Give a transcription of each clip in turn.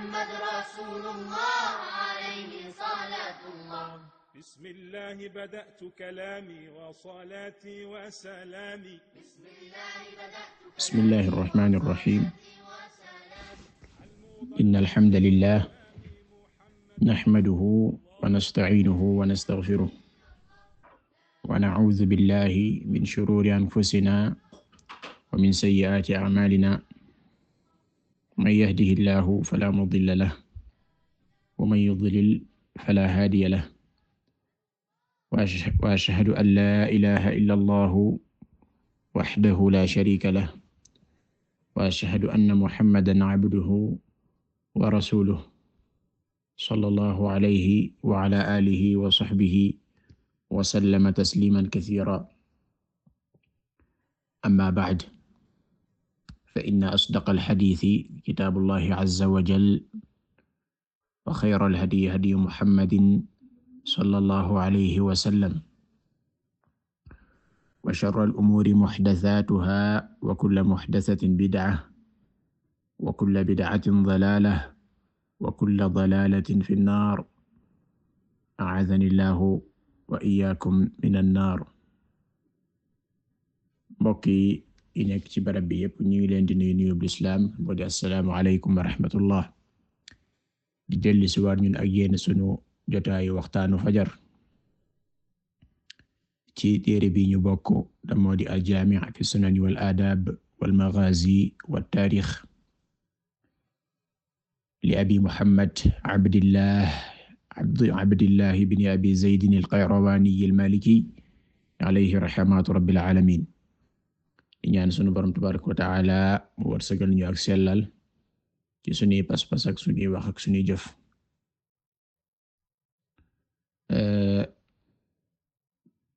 محمد رسول الله عليه صلاة الله بسم الله بدأت كلامي وصلاتي وسلامي بسم الله بدأت بسم الله الرحمن الرحيم إن الحمد لله نحمده ونستعينه ونستغفره ونعوذ بالله من شرور أنفسنا ومن سيئات أعمالنا man yahdihi llaahu falaa mudilla lahu wa man yudlil falaa haadiya lahu wa ashhadu an laa ilaaha illa llaahu wahdahu laa shariika lahu wa ashhadu anna muhammadan abduhu wa rasuluhu sallallaahu alayhi wa alaa aalihi wa sahbihi wa sallama tasliiman kasiiran ammaa ba'd فإن أصدق الحديث كتاب الله عز وجل وخير الهدي هدي محمد صلى الله عليه وسلم وشر الأمور محدثاتها وكل محدثة بدعة وكل بدعة ضلالة وكل ضلالة في النار أعاذني الله وإياكم من النار mbokk yi yi nekk ci barab bi yëpp ñu ngi leen di nuyu nuyub lislaam boo di assalaamu aleykum wa rahmatullah di delli si waat ñun ak yéen sunu jotaayu waxtaanu fajar ci téere bi ñu bokk damoo di aljaami' fi sunani wal aadaab wal maghaazi wat taarix li abi muhammad abdillah abdillah ibn abi zaydin al qayrawaani al maaliki alayhi rahmatu rabbil aalamiin ñaan sunu borom tabaraka wa taala mu wërsëgal ñu ak sellal ci sunuy pas-pas ak sunuy wax ak sunuy jëf euh,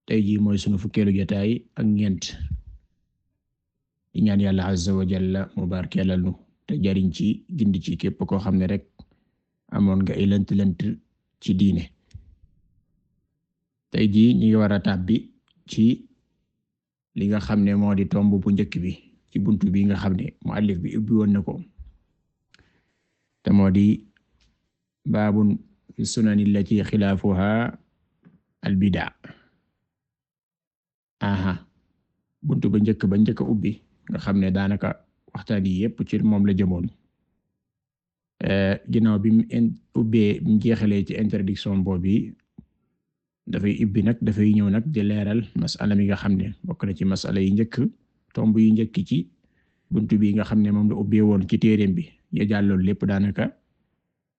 tey jii mooy sunu fukkeelu jotaay ak ñeent di ñaan yàlla azza wa jalla mu barkeelal nu te jariñ ci gindi ci képp koo xam ne rek amoon nga ay lënt-lënt ci diine tey jii ñu ngi war ci li nga xam ne moo di tomb bu njëkk bi ci buntu bi nga xam ne muallif bi ubbi woon na ko te moo di baabun fi sunani allati xilaafuha al bidaa buntu ba njëkk ba njëkk a ubbi nga xam ne daanaka waxtaan yi yépp ci moom la jëmoon eh, ginnaaw bi mu ubbee mu ci interdiction boobu dafay ibbi nag dafay ñëw nag di leeral masala mi nga xam ne bokk na ci masala yi njëkk tomb yi njëkk ci buntu bi nga xam ne moom la ubbee woon ci téereem bi ya jàll loolu lépp daanaka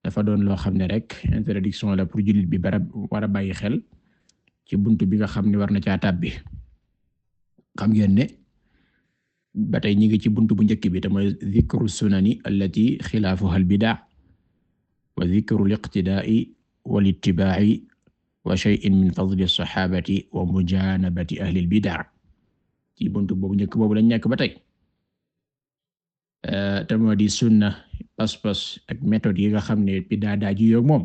dafa doon loo xam ne rek introduction la pour jullit bi bara war a bàyyi xel ci buntu bi nga xam ne war na caa bi xam ngeen ne ba tey ñu ngi ci buntu bu njëkk bi te mooy zikru sunani allati xilaafuha al bidaa wa zikru al iqtidaai wal ittibaa'i wa shay'in min fadli saxaabati wa mujanabati ahli al-bida' ci buntu boobu njëkk boobu lañ nekk ba tey euh, te moo di sunna pas-pas ak méthode yi nga xam ne bida daa ji yoog moom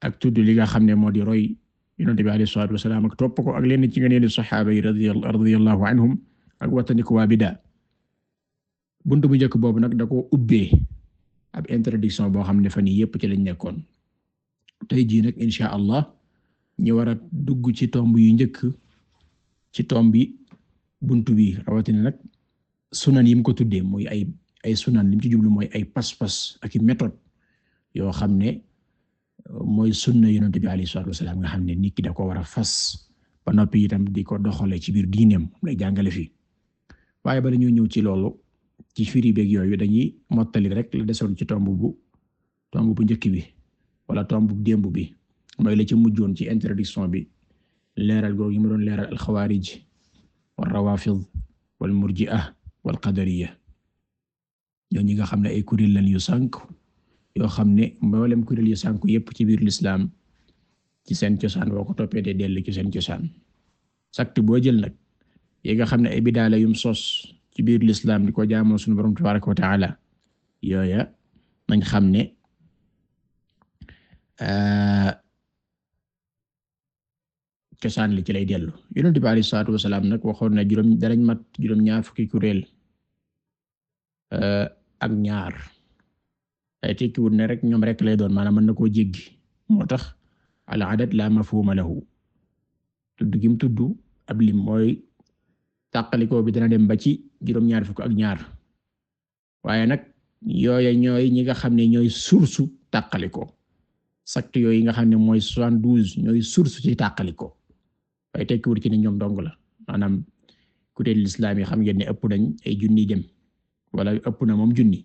ak tudd li nga xam ne moo di roy yonent bi alayhi salaatu wasalaam ak topp ko ak leen ci nga nee saxaaba yi radiyallahu anhum ak wattandiku waa bida buntu bu njëkk boobu nag da ko ubbee ab introduction boo xam ne fan yépp ci lañ nekkoon tey jii nag incha allah ñu war a dugg ci tomb yu njëkk ci tomb bi buntu bi rawatina nag sunan yi mu ko tuddee mooy ay ay sunan li mu ci jublu mooy ay pas-pas ak i méthode yoo xam ne mooy sunna yonent bi alayhi salaatu wasallam xam ne nit da ko war a fas ba noppi itam di ko doxale ci biir diineem jàngale fii waaye bala ñëw ci loolu ci firi beeg yooyu dañuy mottali rek la desoon ci tomb bu tomb bu njëkk bi. wala tombu démb bi mooy la ci mujjoon ci introduction bi leeral googu yi mu doon leeral alxawaarij wal rawaafid wal murji'a wal qadariya ñoo ñi nga xam ne ay kuréel lañ yu sànk yoo xam ne mboolem kuréel yu sànk yépp ci biir lislaam ci seen cosaan boo ko toppee de dellu ci seen cosaan sakt boo jël nag yi nga xam ne ay bidaala yum sos ci biir lislaam di ko jaamoo suñu borom tabaraka wa taala yooya nañ xam ne cosaan li ci lay dellu Yonent bi alayhi salaatu wasalaam nag waxoon na juróom danañ mat juróom ñaar fukki kuréel eh, ak ñaar ay tekkiwul ne rek ñoom rek lay doon maanaam mën na koo jéggi moo tax al adad la mafhuma tuddu tudd gi mu tudd ab mooy tàqalikoo bi dana dem ba ci juróom ñaar fukk ak ñaar waaye nag yooye ñooy ñi nga xam ne ñooy source tàqalikoo sect yooyu nga xam ne mooy soixante douze ñooy source ci tàqaliko waaye tekkiwul ci ne ñoom dong la maanaam kuréel lislaam yi xam ngeen ne ëpp nañ ay junni dem wala ëpp na moom junni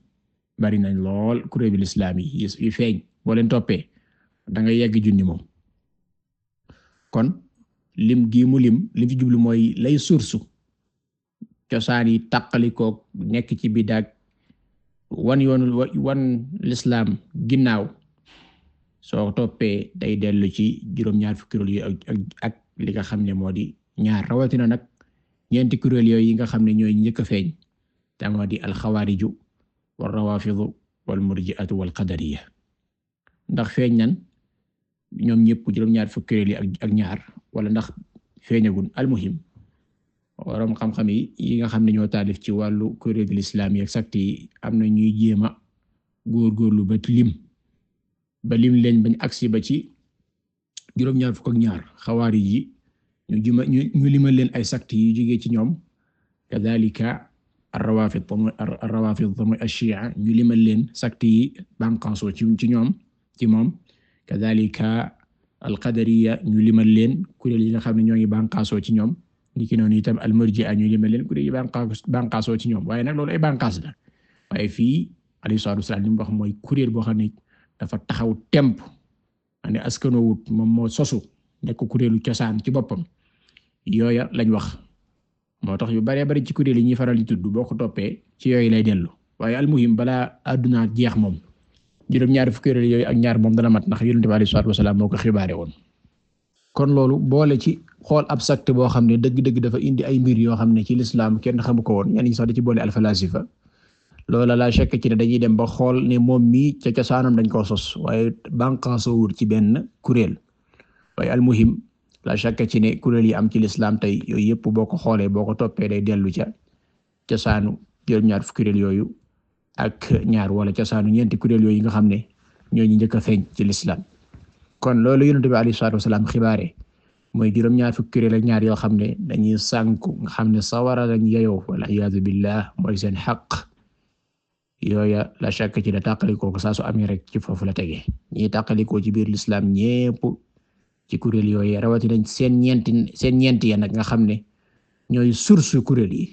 bari nañ lool kuréelu lislaam yi yu feeñ boo leen toppee da nga yegg junni moom kon lim gii mu lim li ci jublu mooy lay source cosaan yi tàqalikoo nekk ci bidaag wan yoonu wan lislaam ginnaaw soo toppee day dellu ci juróom-ñaar fukki kuréel yooyu ak li nga xam ne moo di ñaar rawatina nag ñeenti kuréel yooyu yi nga xam ne ñooy njëkk a feeñ te moo di alxawaariju wal rawaafidu wal murji'atu wal qadariya ndax feeñ nan ñoom ñëpp juróom-ñaar fukki kuréel yi ak ñaar wala ndax feeñagun almuhim waroom xam-xam yi yi nga xam ne ñoo taalif ci wàllu kuréel lislaam yi ak yi am na ñuy jéem a góorgóorlu ba lim. ba lim leen bañ agsi ba ci juróom-ñaar fukk ak ñaar xawaari yi ñu ñu limal leen ay sakt yu jógee ci ñoom kadhalika ar-rawafid ar-rawafid mooy ash ñu limal leen sakt yi banqaso ci ci ñoom ci moom kadhalika al-qadariyya ñu limal leen kuréel yi nga xam ne ñoo ngi banqaso ci ñoom niki noonu itam al-murji'a ñu limal leen kuréel yi banqaso ci ñoom waaye nag loolu ay banqaas la waaye fii alayhi salaatu wa salaam li mu wax mooy kuréel boo xam ne dafa taxaw temp ane askanowut moom moo sosu nekk kuréelu cosaan ci boppam yooya lañ wax moo tax yu baree bari ci kuréel yi ñuy faral di tudd boo ko toppee ci yooyu lay dellu waaye almuhim balaa adduna jeex moom juróom-ñaari fukki kuréel yooyu ak ñaar moom dana mat ndax Yonent bi sallallahu alayhi moo ko xibaare woon kon loolu boole ci xool ab sakt boo xam ne dëgg-dëgg dafa indi ay mbir yoo xam ne ci lislaam kenn xamu ko woon ñenn ñi sax da ci boole al loola laa chekk ci ne dañuy dem ba xool ne moom mii ca cosaanam dañ koo sos waaye banqaasoo wut ci benn kuréel waaye almuhim la chekk ci ne kuréel yi am ci lislaam tey yooyu yëpp boo ko xoolee boo ko toppee day dellu ca cosaanu juróom-ñaar fukki yooyu ak ñaar wala cosaanu ñeenti kuréel yooyu nga xam ne ñoo ñu njëkk feeñ ci lislaam kon loolu yi bi alayhi salaatu wasalaam xibaare mooy juróom-ñaar fukki kuréel ñaar yoo xam ne dañuy sànku nga xam ne sawara lañ yeyoo wal iyaazu billah mooy seen xaq yooya la shakk ci la tàqalikoo saa su amee rek ci foofu la tege ñi tàqalikoo ci biir lislaam ñépp ci kuréel yooyu rawatina seen ñeenti seen ñeenti ya nag nga xam ne ñooy source kuréel yi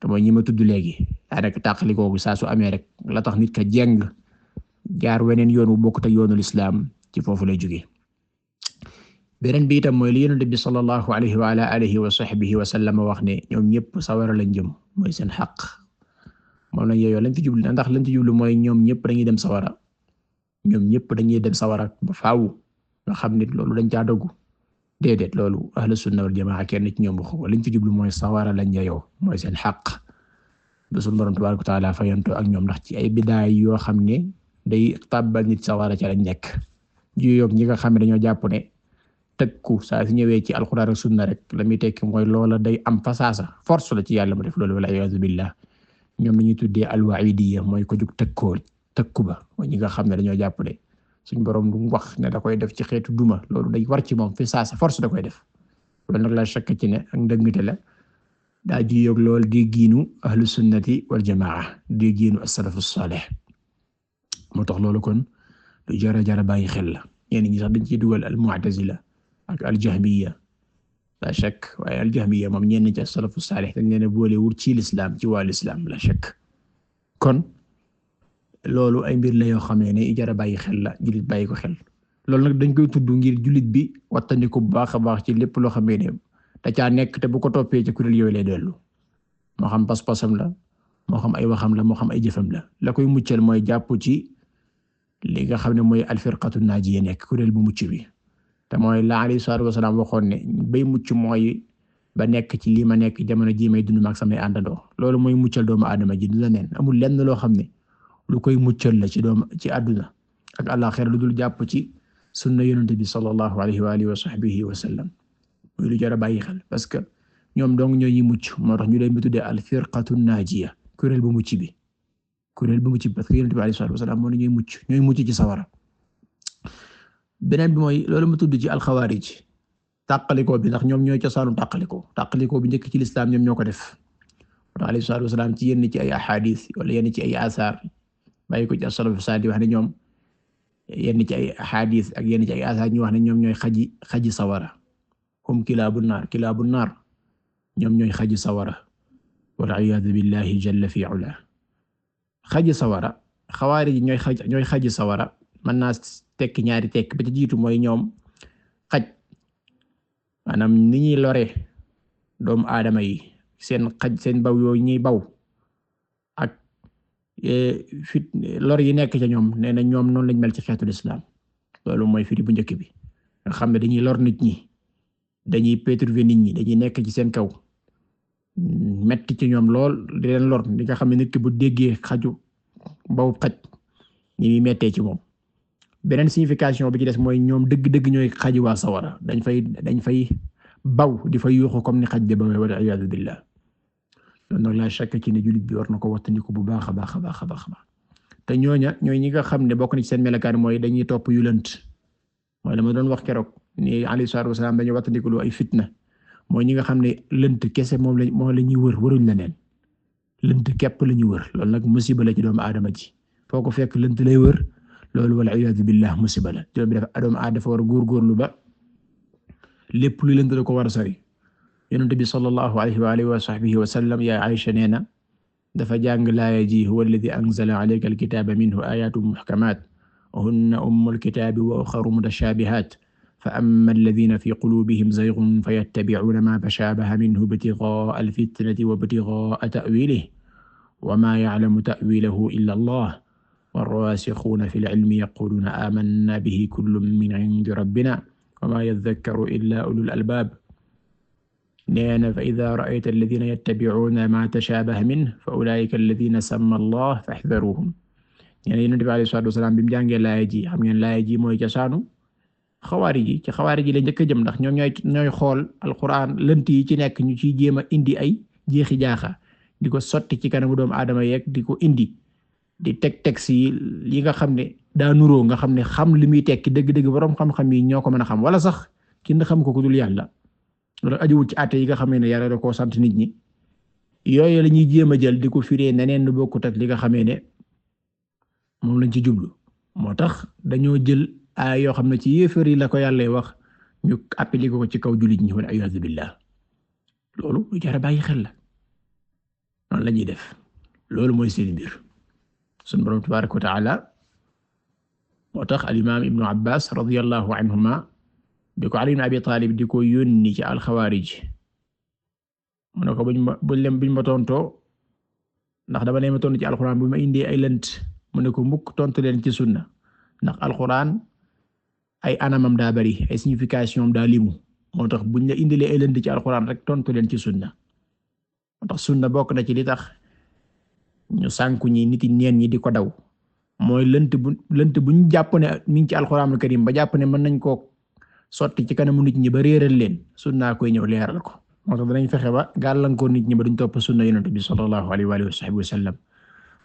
te mooy ñi ma tudd léegi daanaka tàqalikoo saa su amee rek la tax nit ka jeng jaar weneen yoon wu bokkut ak yoonu lislaam ci foofu la jóge beneen bi itam mooy li Yonent bi sallallahu alayhi wa ala alihi wa sahbihi wa sallam wax ne ñoom ñépp sawara lañ jëm mooy seen xaq moom na yooyu lañ ci jublu ndax lañ ci jublu mooy ñoom ñëpp dañuy dem sawara ñoom ñëpp dañuy dem sawara ba faaw nga xam ne loolu dañ caa dogg déedéet loolu ahlu sunna wal jamaa kenn ci ñoom waxu liñ ci jublu mooy sawara lañ yeyoo mooy seen xaq bu sunu borom tabaaraka wa ak ñoom ndax ci ay bidaay yoo xam ne day tàbbal nit sawara ca lañ nekk jiyoog ñi nga xam ne dañoo jàpp ne tekku saa si ñëwee ci alxuraan ak sunna rek la muy tekki mooy loola day am fasaasa force la ci yàlla mu def loolu wala a'uuzu billah ñoom la ñuy tuddee alwaidiyya mooy ko jug tëkkoo tëkku ba ñi nga xam ne dañoo jàpp ne suñ borom lu mu wax ne da koy def ci xeetu duma loolu day war ci moom fi saa si force da koy def loolu nag la chakk ci ne ak ndëngte la daa ji yog lool di giinu ahlu sunnati wal jamaa di giinu as moo tax loolu kon lu jara jara bàyyi xel la ñenn ñi sax dañ ciy dugal al mu'tazila ak al jahmiya la shakk waaye aljahmiya moom ñenn ca salafu saalih dañ leen a boole wut ci lislaam ci waa lislaam la shakk kon loolu ay mbir la yoo xamee ne jara bàyyi xel la jullit bàyyi ko xel loolu nag dañ koy tudd ngir jullit bi wattandiku bu baax a baax ci lépp loo xamee ne da caa nekk te bu ko toppee ci kuréel yooyu lay dellu moo xam pas-pasam la moo xam ay waxam la moo xam ay jëfam la la koy muccal mooy jàpp ci li nga xam ne mooy alfirqatu naajiya nekk kuréel bu mucc bi te mooy la alayhi salaatu wasalaam waxoon ne bay mucc mooy ba nekk ci lii ma nekk jamono jii may dund ak samay àndandoo loolu mooy muccal doomu aadama ji du la neen amul lenn loo xam ne lu koy muccal la ci doom ci àdduna ak àllaxira lu dul jàpp ci sunna yonent bi sallallahu alayhi wa alihi wa sahbihi wa sallam muy lu jar a bàyyi xel parce que ñoom dong ñooy mucc moo tax ñu de bi tuddee al firqatu naajiya kuréel bu mucc bi kuréel bu mucci bi parce que yonent bi alayhi salaatu wasalaam moo ne mucc ñooy mucc ci sawara beneen bi mooy loolu mu tudd ci alxawaarij tàqalikoo bi ndax ñoom ñooy cosaanu tàqalikoo tàqalikoo bi njëkk ci lislaam ñoom ñoo ko def alayhi salaatu wasalaam ci yenn ci ay ahadis wala yenn ci ay ko ci as-salaf sadi wax ne ñoom ci ay ahadis ak yenn ci ay wax ne ñoom ñooy xaji xaji sawara hum kilaabu naar kilaabu naar ñoom ñooy xaji sawara wal iyaadu billahi jalla fi ula xaji sawara xawaarij ñooy xaji sawara man naa tekki ñaari tekk ba ci jiitu mooy ñoom xaj maanaam ni ñuy lore doomu aadama yi seen xaj seen baw yooyu ñuy baw ak e, fit lor yi nekk ca ñoom nee na ñoom noonu lañ mel ci xeetu lislaam loolu mooy firi bu njëkk bi nga xam ne dañuy lor nit ñi dañuy perturber nit ñi dañuy nekk ci seen kaw metti ci ñoom lool di leen lor di nga xam ne nit ki bu déggee xaju baw xaj ni muy mettee ci moom beneen signification bi ci des mooy ñoom dëgg-dëgg ñooy xaji waa sawara dañ fay dañ fay baw di fay yuuxu comme ni xaj de ba may wal iyaadu billah loolu nag laa shakk ci ne jullit bi war na ko wattandiku bu baax a baax a baax a baax te ñooña ñooy ñi nga xam ne bokk na ci seen melokaan mooy dañuy topp yu lënt mooy la doon wax keroog ni alayhi salaatu wasalaam dañu wattandiku lu ay fitna mooy ñi nga xam ne lënt kese moom lañ moom la ñuy wër wëruñ la neen lënt képp la ñuy wër loolu nag musiba la ci doomu aadama ji foo ko fekk lënt lay wër loolu wala iyaadu billah musiba la doom bi dafa doom a dafa war a góorgóorlu ba lépp lu leen da ko war a sori yonent bi sallallahu alayhi wa alihi wa sahbihi wa sallam ya Aisha nee na dafa jàng laaya ji huwa alladhi anzala alayka alkitaba minhu ayatun muhkamat wa hunna ummul kitabi wa ukharu mutashabihat fa amma alladhina fi qulubihim zayghun fayattabi'una ma tashabaha minhu ibtigha'a alfitnati wa ibtigha'a ta'wilihi wa ma ya'lamu ta'wilahu illa Allah والراسخون في العلم يقولون آمنا به كل من عند ربنا وما يذكر إلا أولو الألباب neena fa ida ra'ayta alladina yattabi'una ma tashabaha min fa ulaika alladina samma allah fahdharuhum ñene yonent bi alayhi salaatu wasalaam bi mu jàngee laaya ji xam ngeen laaya ji mooy cosaanu xawaari ji ci xawaari ji la njëkk a jëm ndax ñoom ñooy ñooy xool alquran lënt yi ci nekk ñu ciy jéem a indi ay jeexi jaaxa di ko sotti ci kanamu doomu aadama yeeg di ko indi di teg texte yi li nga xam ne daa nuroo nga xam ne xam li muy tekki dëgg-dëgg boroom xam-xam yi ñoo ko mën a xam wala sax kenn xam ko ku dul yàlla loolu ajuwul ci àtte yi nga xam ne yàlla da koo sant nit ñi yooyu la jéem a jël di ko firee neneen lu bokkut ak li nga xamee ne moom lañ ci jublu moo tax dañoo jël ay yoo xam ne ci yéefar yi la ko yàlla wax ñu appliqué ko ci kaw jullit ñi wala ayaazu billah loolu lu jar a bàyyi xel noonu la def loolu mooy seen mbir. sunu borom tabaaraka wa taala moo tax al imaam ibnu abbas radiyallahu anhuma bi ko ali ibn abi taalib di ko yónni ci alxawaarij mu ne ko buñ ma buñ buñ ma ndax dama ne ma tontu ci alxuraan bu ma indee ay lënt mu ne ko mukk tontu leen ci sunna ndax alxuraan ay anamam daa bari ay signification daa limu moo tax buñ la indilee ay lënt ci alxuraan rek tontu leen ci sunna moo sunna bokk ci li tax ñu sànku ñi nit yi neen ñi di ko daw mooy lënt bu lënt bu ñu jàpp ne mi ngi ci alxuraanul karim ba jàpp ne mën nañ koo sotti ci kanamu nit ñi ba réeral leen sunna koy ñëw leeral ko moo tax danañ fexe ba gàllankoor nit ñi ba duñ topp sunna yonent bi sallallahu alayhi wa sahbihi wa sallam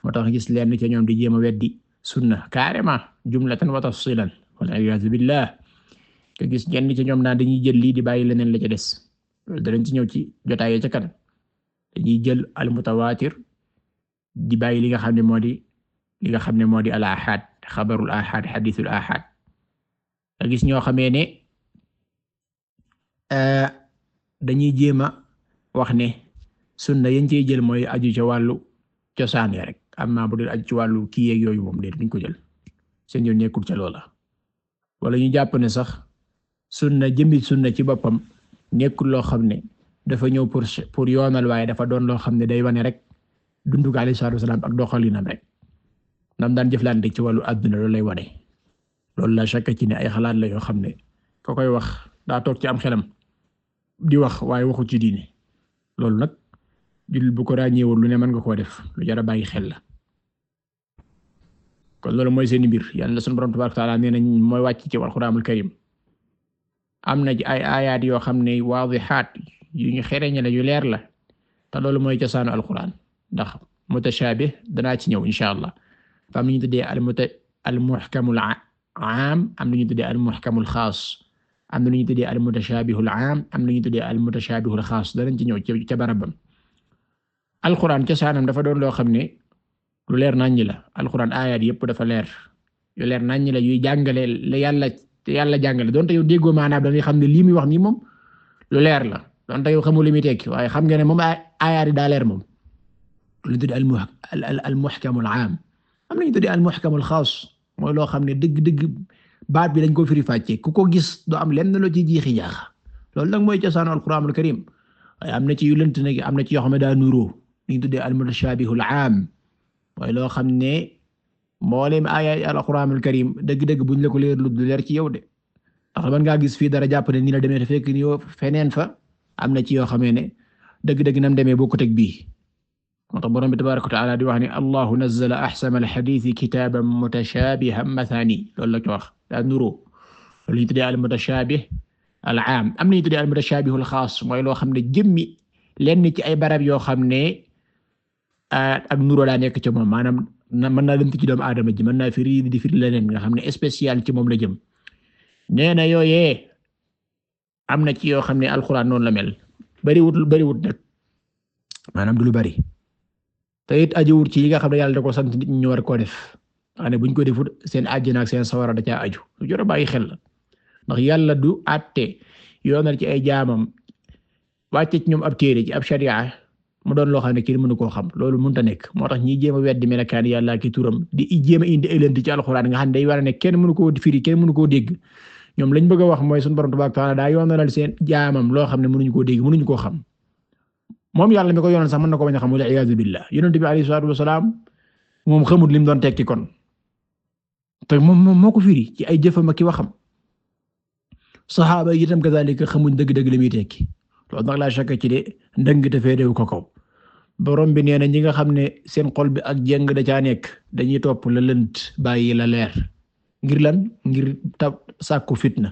moo tax gis leen ci ñoom di jéem a weddi sunna carrément jumlatan wa tafsilan wal iyaazu billah te gis ñenn ci ñoom naa dañuy jël lii di bàyyi leneen la ca des loolu danañ ci ñëw ci jotaayee ca kanam dañuy jël al mutawaatir di bàyyi li nga xam ne moo di li nga xam ne moo di al ahad xabarul ahad xadisul ahad nga gis ñoo xamee ne euh, dañuy jéem a wax ne sunna yañ cey jël mooy aju ca wàllu cosaan ya rek amma bu dul aju ci wàllu kii yeeg yooyu moom déet duñ ko jël seen yoon nekkul ca loola wala ñu jàpp ne sax sunna jëmmi sunna ci boppam nekkul loo xam ne dafa ñëw pour pour yoonal waaye dafa doon loo xam ne day wane rek dundu ga alayhi salaatu wasalaam ak doxalinam rek nam daan jëflante ci wàllu àdduna loolu lay wane loolu la chaque ci ne ay xalaat la yoo xam ne ka koy wax daa toog ci am xelam di wax waaye waxu ci diine loolu nag jullit bu ko ràññeewul lu ne mën nga koo def lu jar a xel la. kon loolu mooy seen mbir yàlla sunu borom tabaaraka ta'aala nee nañ mooy wàcc ci alxuraanul karim am na ci ay aayaat yoo xam ne waadixaat yu ñu xereñ la yu leer la te loolu mooy cosaanu alxuraan. ndax mutashaabih danaa ci ñëw incha allah fa am lu ñu tuddee al muta al muhkamul aam am lu ñu tuddee al muhkamul xaas am lu ñu tuddee al mutashaabihul aam am lu ñu tuddee al mutashaabihul xaas danañ ci ñëw ca barabam. alquran cosaanam dafa doon loo xam ne lu leer naññi la alquran ayat yëpp dafa leer yu leer naññi la yuy jàngale la yàlla yàlla jàngale donte yow déggoo maanaam da ngay xam ne lii muy wax nii moom lu leer la donte yow xamul li muy tekki waaye xam nga ne moom ayaat yi daa leer moom. lu tuddee al al al muhkamul aam am nañu tuddee al muhkamul xaas mooy loo xam ne dëgg-dëgg baat bi dañ ko firi fàcce ku ko gis doo am lenn loo ci jiixi jaaxa loolu nag mooy cosaanu alquraanul karim waaye am na ci yu am na ci yoo xam ne daa nuroo li ñu tuddee al mutashaabihul aam mooy loo xam ne mboolem aayaay alquraanul karim dëgg-dëgg buñ la ko leer lu leer ci yow de ndax man ngaa gis fii dara jàpp ne nii la demee te fekk ni feneen fa am na ci yoo xamee ne dëgg-dëgg nam demee bokkut ak bii moo tax borom bi tabaaraka wa ta'aala di wax ni allahu nazzala ahsana alxadiisi kitaaban mutashaabihan mathani loolu la ci wax daa nuroo loolu ñu tuddee al mutashaabih al aam am na ñu tuddee al mutashaabih al xaas mooy loo xam ne jëmmi lenn ci ay barab yoo xam ne ak nuroo daa nekk ci moom maanaam mën naa lënt ci doomu aadama ji mën naa firi di firi leneen nga xam ne spécial ci moom la jëm nee na yooyee am na ci yoo xam ne alxuraan noonu la mel bariwut bariwut nag maanaam du lu bari te it ajuwut ci yi nga xam ne yàlla da ko sant nit ñi war koo def xanaa buñ ko defut seen àjjana ak seen sawara da caa aju lu a bàyyi xel la ndax yàlla du àtte yoonal ci ay jaamam wàcce ci ñoom ab téere ci ab sharia mu doon loo xam ne kenn mënu koo xam a nekk moo a a a ne kenn mënu koo firi kenn mënu koo dégg ñoom lañ bëgg wax mooy sunu borom tabaaraka ta'aala daa yoonalal seen jaamam loo xam ne mënuñu koo dégg nuñ koo xam moom yàlla mi ko yoonal sax mën na ko bañ xam wala iyaazu billah yonent bi alayhi salaatu wasalaam moom xamut doon tekki kon te moom moom moo ko firi ci ay jëfam ak ki waxam saxaaba yi itam xamuñ dëgg-dëgg li muy tekki toog nag laa shakka ci de ndëng te fee ko kaw bi nee na ñi nga xam ne seen xol bi ak jeng da caa nekk dañuy topp la lënt bàyyi la leer ngir lan ngir tab sàkku fitna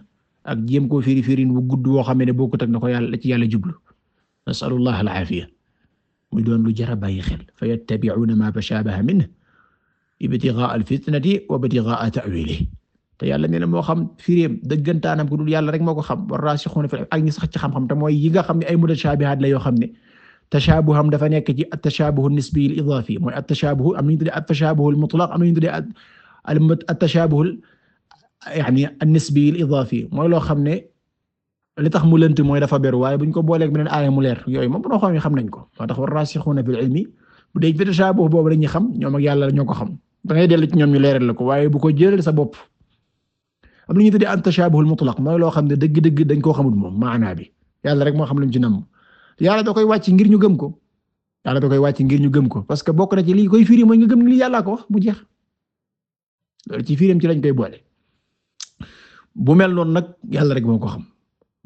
ak jéem ko firi firin wu gudd woo xam ne bokkut ak na ko yàlla ci yàlla jublu. nasalullah alaafiya muy doon lu jara bàyyi xel fa yattabi'una ma tashabaha minhu ibtigha alfitnati wa ibtigha ta'wilihi te yàlla nee na moo xam firéem dëggantaanam ku dul yàlla rek moo ko xam wa rasikhuna fil ak ñi sax ci xam-xam te mooy yi nga xam ne ay mutashabihat la yoo xam ne tashabuham dafa nekk ci at-tashabuh an-nisbi al-idafi mooy at-tashabuh am nañu tuddee at-tashabuh al-mutlaq am nañu tuddee at-tashabuh yani an-nisbi al-idafi mooy loo xam ne li tax mu lënt mooy dafa beru waaye buñ ko booleeg beneen aaya mu leer yooyu moom boo xam xam nañ ko moo tax war-raasixuuna fil ilmi bu dee tashaabux yàlla ñoo ko xam da ngay dellu ci ñoom ñu leeral la ko waaye bu ko jëlal sa bopp. am lu ñuy tuddee at-tashaabux al-mutlaq mooy loo xam ne dëgg-dëgg dañ koo xamul moom maanaa bi yàlla moo xam lañ ci nam yàlla da koy wàcc ngir ñu gëm ko yàlla da koy wàcc ngir ñu gëm ko parce que bokk na ci lii koy firi mooy nga gëm ko wax bu jeex loolu ci firim ci lañ koy boole bu mel noonu nag yàlla rek moo ko xam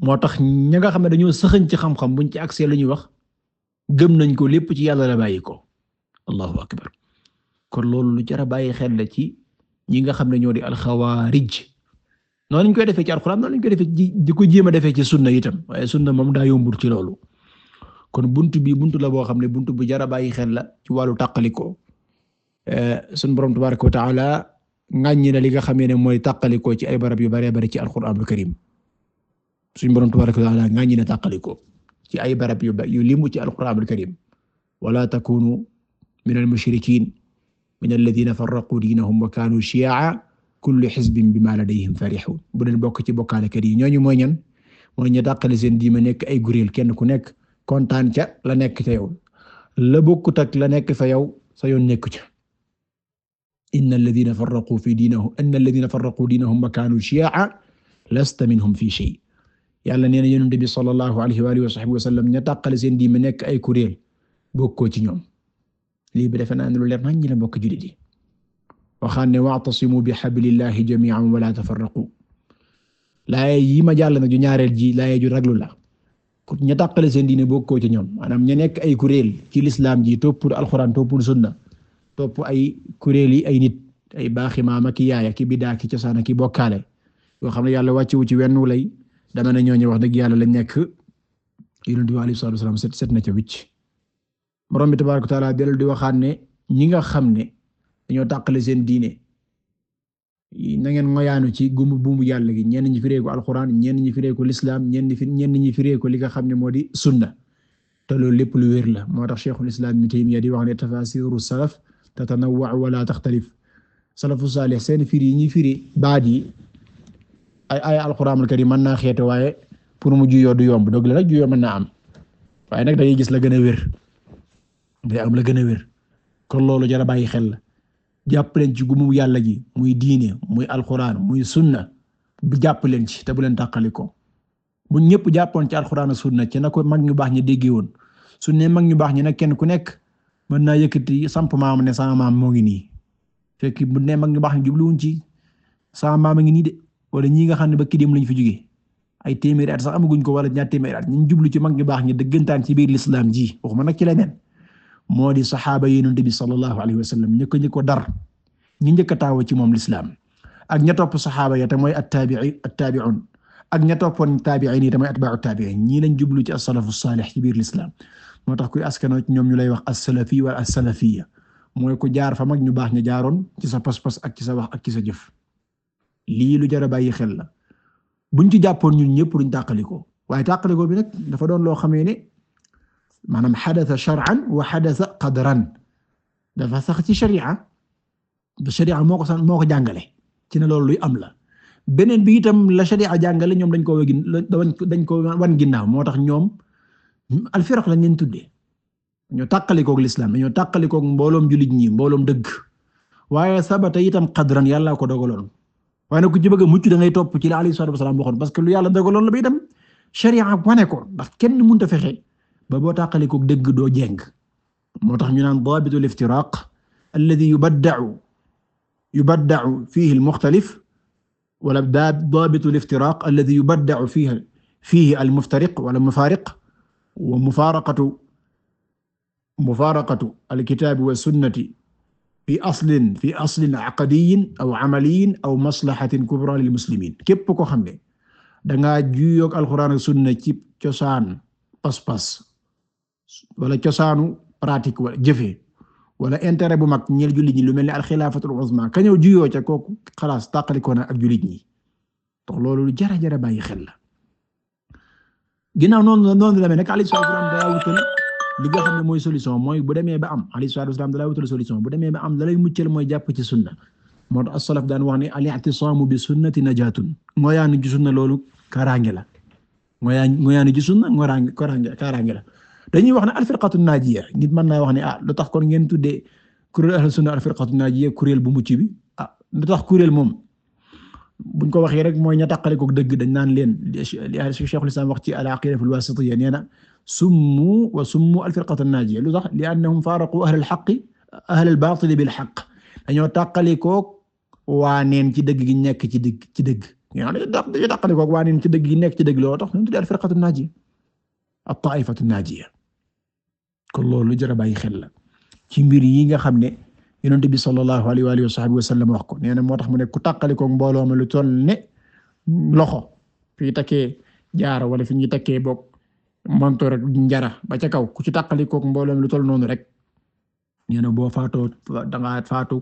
moo tax ña nga xam ne dañoo sëxañ ci xam-xam buñ ci accès la ñuy wax gëm nañ ko lépp ci yàlla la bàyyi ko allahu akbar kon loolu lu jar a bàyyi xel la ci ñi nga xam ne ñoo di alxawaarij noonu lañ koy defee ci alxuraan noonu lañ koy defee ci di ko jéem a defee ci itam waaye sunna moom daa yombul ci loolu kon buntu bi buntu la boo xam ne buntu bu jar a bàyyi xel la ci wàllu tàqalikoo eh, sunu borom tabaaraka wa taala ŋàññi na li nga xamee ne mooy tàqalikoo ci ay barab yu bare bare ci alxuraanul karim suñu borom tabaaraka wa ta'aala nga ñi na tàqaliko ci ay barab yu yu limu ci alqur'aanul karim wala takunu min almushrikiin min alladhiina farraquu diinahum wa kaanuu shiya'a kullu hizbin bimaa ladayhim farihuun bu leen bokk ci bokkaalekat yi ñooñu mooy ñan mooy ñu tàqale seen diima nekk ay guréel kenn ku nekk kontaan ca la nekk ca yow la bokkut ak la nekk fa yow sa yoon nekku ca inna alladhiina farraquu fi diinahum inna alladhiina farraquu diinahum wa kaanuu shiya'a lasta minhum fi shay' yàlla nee na yonent bi sallallahu alayhi wa alihi wa sahbihi wa sallam ña tàqale seen diim nekk ay kuréel bokkoo ci ñoom lii bi defe naa ne lu leer nañ la bokk jullit yi waxaan ne wa'tasimu bi hablillahi jami'an wa la tafarraqu laaye yi ma jàll nag ju ñaareel ji laaye ju raglu la ku ña tàqale seen diine bokkoo ci ñoom maanaam ña nekk ay kuréel ci lislaam ji toppul alxuraan toppul sunna topp ay kuréel yi ay nit ay baaxi maam ak yaay ak bidaa ki cosaan ki bokkaale yoo xam ne yàlla wàccewu ci wenn lay dama ne ñooñu wax dëgg yàlla lañ nekk yonent bi alayhi salaatu wasalaam set set na ca wicc borom bi tabaaraka wa taala dellu di waxaan ne ñi nga xam ne dañoo tàqale seen diine na ngeen ngoyaanu ci gumbu buumu yàlla gi ñenn ñi firee ko alxuraan ñenn ñi firee ko lislaam ñenn fi ñenn ñi firee ko li xam ne moo di sunna te loolu lépp lu wér la moo tax cheikhul islam ibn Taymiyya di wax ne tafasiru salaf tatanawwa'u wa la taxtalif salafu saalih seen firi yi firi baat yi ay ay alxuraanul karim mën naa xeete waaye pour mu juyoo du yomb dog la nag juyoo mën naa am waaye nag dañuy gis la gën a wér day am la gën a wér kon loolu jar a bàyyi xel la jàpp leen ci gumu yàlla ji muy diine muy alxuraan muy sunna bi jàpp leen ci te bu leen tàqali ko bu ñëpp jàppoon ci alxuraan sunna ci na ko mag ñu baax ñi déggee woon su ne mag ñu baax ñi nag kenn ku nekk mën naa yëkkati samp maam ne sama maam moo ngi nii fekk bu ne mag ñu baax ñi ci wala ñii nga xam ne ba kii dem lañ fi jógee ay téeméeri at sax amaguñ ko wala ñaar téeméeri at ñu jublu ci mag ñu baax ñi dëggantaan ci biir lislaam ji waxuma nag ci leneen moo di saxaaba yonent bi sallallahu alayhi wa sallam ñi ko ñi ko dar ñi njëkk a ci moom lislaam ak ña topp saxaaba ya te mooy at-taabi'i at-taabi'un ak ña toppoon taabi'iin yi te mooy atbaa'u taabi'iin ñii lañ jublu ci as-salafu saalih ci biir lislaam moo tax kuy askanoo ci ñoom ñu lay wax as-salafi wala as-salafiyya mooy ku jaar fa mag ñu baax ñu jaaroon ci sa pas-pas ak ci sa wax ak ci sa jëf lii lu jar a bàyyi xel la buñ ci jàppoon ñun ñëpp duñ tàqalikoo waaye tàqalikoo bi nag dafa doon loo xamee ne maanaam xadasa shar'an wa xadasa qadran dafa sax ci sharia ba sharia moo ko san moo ko jàngale ci ne loolu luy am la beneen bi itam la sharia jàngale ñoom dañ ko wegin dañ ko wan ginnaaw moo tax ñoom alfiraq lañ leen tuddee ñoo tàqalikoog l'islam dañoo tàqalikoog mbooloom jullit ñi mbooloom dëgg waaye sabata itam qadran yàlla ko dogaloon waaye nag ku ci bëgg a mucc da ngay topp ci la alayhi salaatu wasalaam waxoon parce que lu yàlla dogaloon la bay dem sharia wane ko ndax kenn mënut a fexe ba boo tàqalikoog dëgg doo jeng moo tax ñu naan daabitul iftiraq alladi yubadda'u yubadda'u fiihi al-mukhtalif wala daabitul iftiraq alladi yubadda'u fiihi fiihi al-muftariq wala mufaariq wa mufaaraqatu mufaaraqatu al-kitaabi wa sunnati fi aslin fi aslin aqadiyin aw amaliyin aw maslahatin kubra lil muslimin képp koo xam ne dangaa juyoog alxuraan ak sunna ci cosaan pas-pas wala cosaanu pratique wala jëfe wala intérêt bu mag ñeel jullit ñi lu mel ne alxilaafatul uzma ka ñëw juyoo ca kooku xalaas tàqalikoo na ak jullit ñi tax loolu lu jara jara bàyyi xel la ginnaaw noonu noonu la mel nag alayhi salaam daa wutal li nga xam ne mooy solution mooy bu demee ba am alayhi salaatu wasalaam da lay wutal solution bu demee ba am la lay muccal mooy jàpp ci sunna moo tax as-salaf daan wax ne al-i'tisaamu bi sunnati najaatun ngoyaanu ci sunna loolu kaaraange la ngoyaan ngoyaanu ci sunna ngoraange kaaraange kaaraange la dañuy wax ne al-firqatu naajiya nit mën naa wax ne ah lu tax kon ngeen tuddee kuréel ahlu sunna al-firqatu naajiya kuréel bu mucc bi ah lu tax kuréel moom buñ ko waxee rek mooy ña tàqalikook dëgg dañ naan leen li Cheikhul Islam wax ci al-aqidatul wasitiyya nee na summu wa summu al-firqatul naajiya lu tax li annahum faaraqu ahlal haqqi ahlal baatili bil haqq dañoo tàqalikook waa neen ci dëgg gi nekk ci dëgg ci dëgg ñoo dañoo tàqalikook waa neen ci dëgg gi nekk ci dëgg loolu tax ñu tuddee al-firqatul naajiya at-taa'ifatul naajiya kon loolu lu jar a bàyyi xel la ci mbir yi nga xam ne yonent bi sallallahu alayhi wa alihi wa wax ko nee na moo tax mu ne ku tàqalikoog mbooloo ma lu toll ne loxo fi takkee jaaro wala fi ñuy takkee boog montoor ak njara ba ca kaw ku ci tàqalikoog mbooloo ma lu noonu rek nee boo faatoo dangaa faatu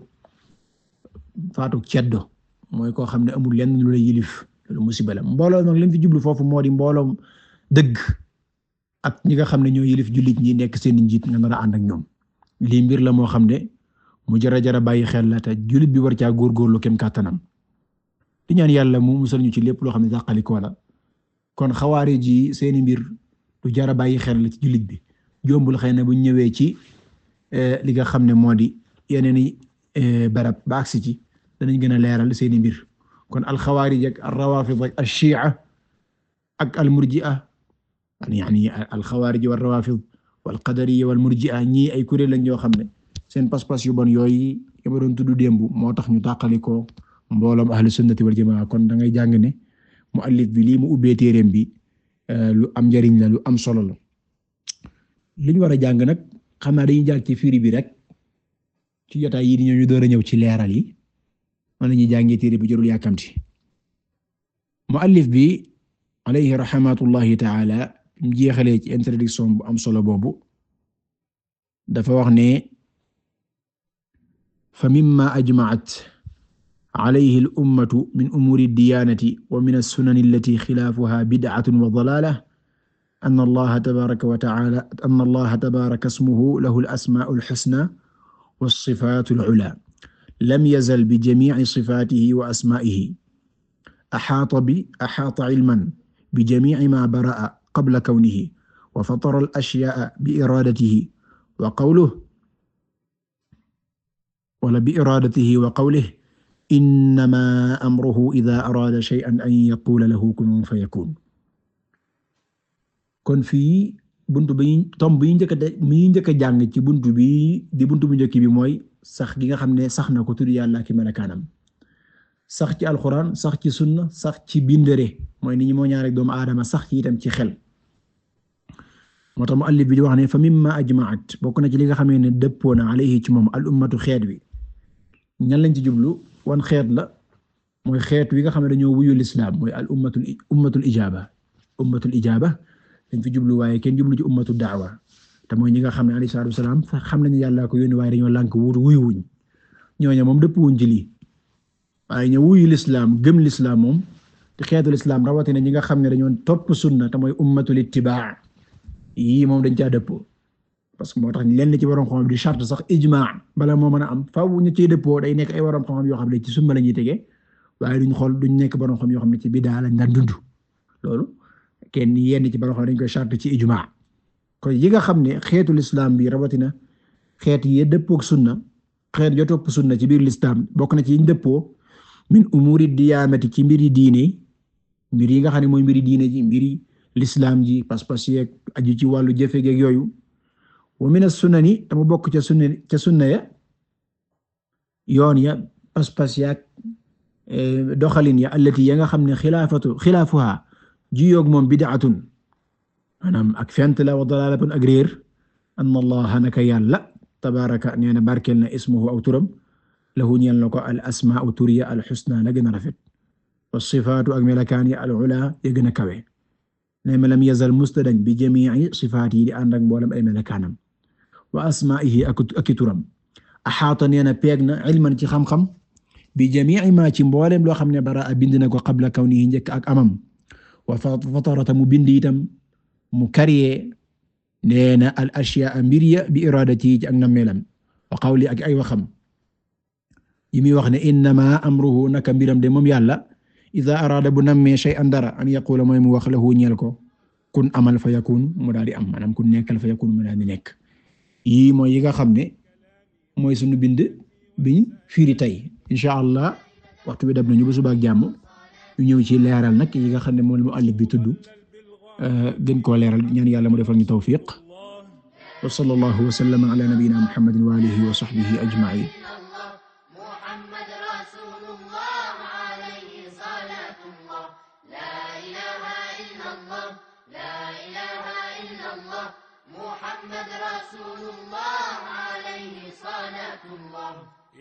faatu ceddo mooy koo xam ne amul leen lu la yilif lu musiba la mbooloo nag lañ fi jublu foofu moo di mbooloom dëgg ak ñi nga xam ne ñoo yilif jullit ñi nekk seen njiit nga nar a ànd ñoom lii mbir la moo xam ne mu jara jara bàyyi xel la te jullit bi war caa góorgóorlu kem kàttanam ñaan yàlla mu musal ñu ci lépp loo xam ne dàqalikoo la kon xawaari ji seeni mbir du jara bàyyi xel la ci jullit bi jombul xëy na bu ñëwee ci eh, li nga xam ne moo di yeneen i eh, barab ba agsi ci danañ gën a leeral seeni mbir kon alxawaarij ak alrawafid ak alchia ak almurjia yani alxawaarij wal rawafid wal qadariya wal ñii ay kuréel lañ yoo xam ne seen pas-pas yu bon yooyu yi ma doon tudd démb moo tax ñu tàqalikoo mbooloom ahlu sunnati wal jamaa kon dangay ngay jàng ne muallif bi lii mu ubbee téereem bi euh, lu am njariñ la lu am solo la li ñu war a jàng nag xam naa dañuy jàng ci firi bi rek ci jotaay yi di ñu door a ñëw ci leeral yi man la ñuy jàngee téere bu jarul yàkkamti muallif bi alayhi rahmatullahi ta'ala mu jeexalee ci introduction bu am solo boobu dafa wax ne fa mimma ajmacat alayhi al ummatu min umuuri diyaanati wa min assunani allati xilaafuha bidcatun wa dalaala anna allaha tabaaraka wa tacaala anna allaha tabaaraka ismuhu lahu al asmaau al xusna wa sifaatu al culaa lam yazal bi jamiici sifaatihi wa asmaa'ihi axaata bi axaata cilman bi jamiici maa bara'a qabla kawnihi wa fatara al ashyaa'a bi iraadatihi wa qawluhu wala bi iradatihi wa qawlihi innama amruhu ida araada shay'an an yaqula lahu kun fayakun kon fii buntu bi tom bi njëkk a mi njëkk jàng ci buntu bi di buntu bu njëkk bi mooy sax gi nga xam ne sax na ko tudd yàlla ki melakaanam sax ci alxuraan sax ci sunna sax ci bindere mooy ni ñu moo ñaaree doomu aadama sax ci itam ci xel moo tax mu allif bi wax ne fa mimma ajmaat bokk na ci li nga xamee ne dëppoo na alayhi ci moom al xeet wi ñan lañ ci jublu wan xeet la mooy xeet wi nga xam ne dañoo wuyu lislaam mooy al ummatul ummatul ijaaba ummatul ijaaba dañ fi jublu waaye kenn jublu ci umatu daawa te mooy ñi nga xam ne alayhi salaatu wasalaam xam nañu yàllaa ko yónni waaye dañoo lànk wuutu wuyu wuñ ñooñu moom dëpp wuñ ci lii waaye ñu wuyu lislaam gëm lislaam moom te xeetu lislaam rawatina ñi nga xam ne dañoo topp sunna te mooy ummatul ittibaa yii moom dañ caa dëppoo parce que moo tax lenn ci waroom xam-xam di charte sax ijmaa bala moo mën a am faw ñu ciy dëppoo day nekk ay waroom xam-xam yoo xam ne ci sunna la ñuy tege waaye duñ xool duñ nekk borom xam yoo xam ne ci bidaa lañ daan dund loolu kenn yenn ci borom xam dañ koy charte ci ijmaa kon yi nga xam ne xeetu lislaam bi rawatina xeet yi dëppook sunna xeet yo topp sunna ci biir lislaam bokk na ci yiñ dëppoo min umuri diyaamati ci mbiri diine mbir yi nga xam ne mooy mbiri diine ji mbiri lislaam ji pas-pas yeeg aju ci wàllu jëfe yooyu wa min as-sunani te mu bokk ca sunna ca sunna ya yoon ya pas-pas yaak eh, doxalin ya allati ya nga xam ne xilaafatu xilaafuha jiyoog moom bid'atun maanaam ak fent la wa dalaalatun ak réer anna allaha naka yàlla tabaraka nee na barkeel na ismuhu aw turam lahu ñeel na ko al asmaa'u turiya al xusna la gën a rafet wa sifaatu ak melakaan ya al ula ya gën a kawe ne ma lam yazal mustadan bi jami'i sifaat yi di ànd ak mboolem ay melakaanam wa asmaihi ak i turam axaata nee na peeg ci xam-xam bi jamii ma ci mbooleem loo xam ne baraa bind na ko qabla kawnihi njëkk ak amam wa fatarata mu bind itam mu kariyee nee na al mbir ya bi iradati ci ak nammeelam wa qawli ak ay waxam yi muy wax ne innama amruhu naka mbiram de moom yàlla ida araada bu nammee shay'an dara an yaqula mooy mu wax lahu ñeel ko kun amal fa yakun mu daal di kun nekkal fa yakun mu daal nekk yii mooy yi nga xam ne mooy sunu bind biñ firi tey incha allah waxtu bi dab nañu ba suba ak jàmm ñu ñëw ci leeral nag yi xam ne moom la muallif bi tudd euh, gën koo leeral ñaan yàlla mu defal ñu tawfiq wa sallallahu wa sallama ala nabiyyina muhammadin wa alihi wa sahbihi ajma'in